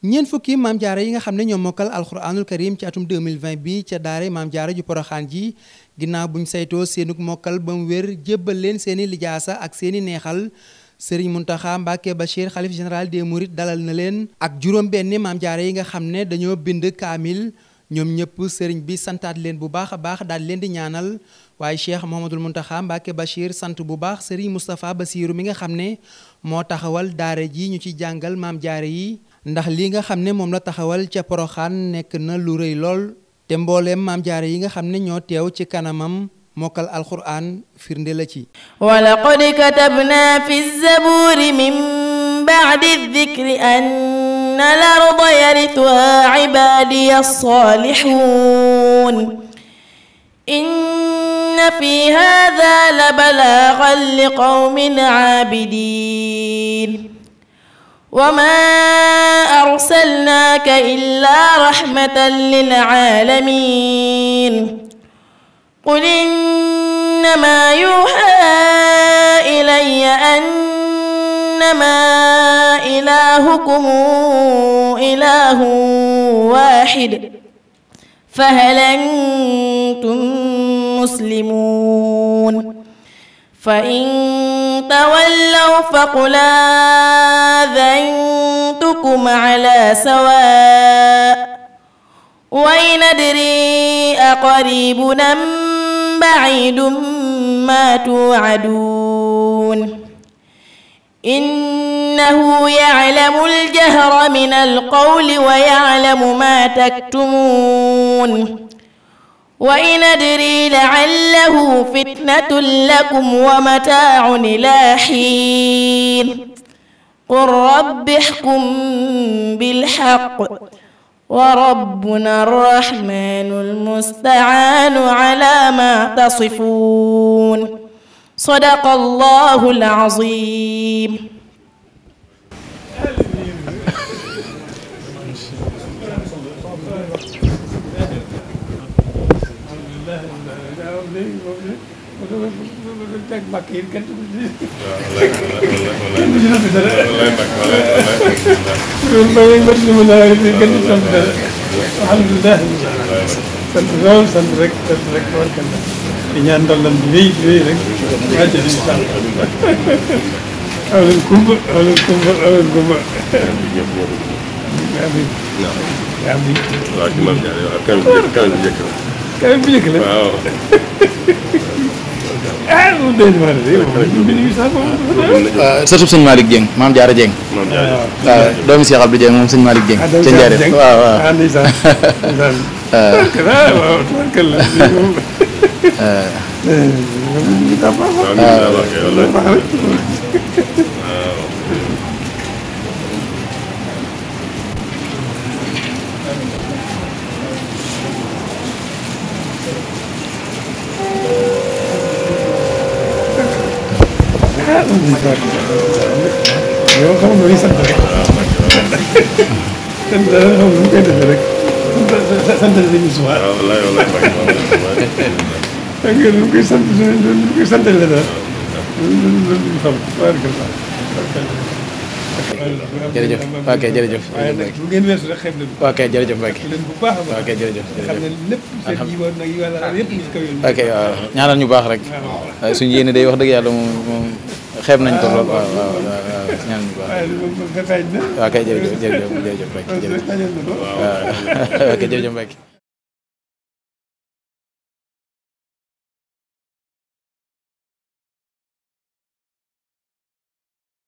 ñeen fukki maam jaara yi nga xam ne ñoo mokkal alxuraanul karim ci atum 2020 bi ca daare maam jaara ju poroxaan ji ginnaaw buñ saytoo seenug mokkal ba mu wér jébbal leen seeni lijaasa ak seeni neexal sëriñ Muntaxa Mbàkke Bachir xalif général des mourides dalal na leen ak juróom benn maam jaara yi nga xam ne dañoo bind kaamil ñoom ñëpp sëriñ bi santaat leen bu baax a baax daal leen di ñaanal waaye cheikh Mouhamadul Muntaxa Mbàkke Bachir sant bu baax sëriñ Moustapha Basiiru mi nga xam ne moo taxawal daare ji ñu ci jàngal maam jaara yi ndax li nga xam ne moom la taxawal ca poroxaan nekk na lu rëy lool te mbooleem maam jaare yi nga xam ne ñoo teew ci kanamam mokkal alxuraan firnde la ci wa laqad katabna fi zabuuri min ba'di dikri anna al-arda yarithuha ibaadiya as-saalihun inna fi haadha la balaagan li qawmin aabidiin وما أرسلناك إلا رحمة للعالمين قل إنما يوحى إلي أنما إلهكم إله واحد فهل أنتم مسلمون فإن تولوا فقل آذنتكم على سواء وإن أدري أقريب أم بعيد ما توعدون إنه يعلم الجهر من القول ويعلم ما تكتمون wa in adri la'allahu fitnatun lakum wa mataa'un ilaa hiin qul rabbi ihkum bil haqq wa rabbuna ar-rahmaanul musta'aanu alaa maa tasifuun sadaqallahul aziim de moom de moom de teg mbàkk yi kenn du ko ci. kenn du ci sant dara. loolu mooy yëngu mbënd mu nawet bi kenn du ci sant dara. alhamdulilah. sant lool sant rek sant rek war kenn di ñaan ndollam di wéy di wéy rek. rajo bi incha allah. aw leen kumba aw leen kumba aw leen kumba. amiin. amiin. waaw ci maam Diarra yow ak kanam bu njëkk la. kanam bu njëkk la waaw. ah moom day defaral de yow maam Diarra Dieng. maam Diarra Dieng euh, waaw doomu Cheikh Abdou Dieng moom sëñ Malick Dieng. ah doomu Cheikh Abdou ah moom mooy sant yow xam nga sant rek sant da nga xam koy defee rek sant nañu suba. waaw walaay walaay ak yéen ñu koy sant ñu koy sant la daal loolu loolu xam jërëjëf ok jërëjëf. waaye nag bu ok jërëjëf Mbacke ok jërëjëf jërëjëf ñu ok ñaanal ñu baax rek. waaw suñu yéene day wax dëgg yàlla moom moom ko lool ñaanal ñu baax. waaw